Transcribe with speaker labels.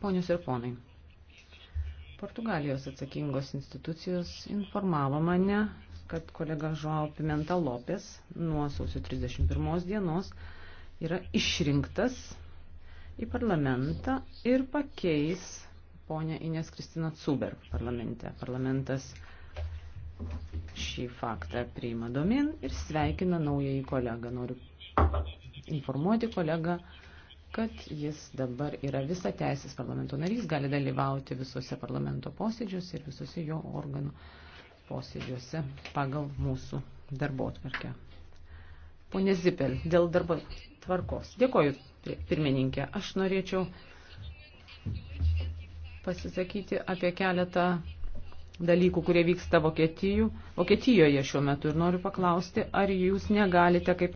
Speaker 1: Ponios ir ponai, Portugalijos atsakingos institucijos informavo mane, kad kolega Žuau Pimenta Lopės nuo sausio 31 dienos yra išrinktas į parlamentą ir pakeis ponę Ines Kristina Cuber parlamente. Parlamentas šį faktą priima domin ir sveikina naująjį kolegą. Noriu informuoti kolegą kad jis dabar yra visa teisės parlamento narys, gali dalyvauti visuose parlamento posėdžiuose ir visuose jo organų posėdžiuose pagal mūsų darbo tvarkę. Pone Zipel, dėl darbo tvarkos. Dėkoju, pirmininkė. Aš norėčiau pasisakyti apie keletą dalykų, kurie vyksta Vokietijų, Vokietijoje šiuo metu ir noriu paklausti,
Speaker 2: ar jūs negalite kaip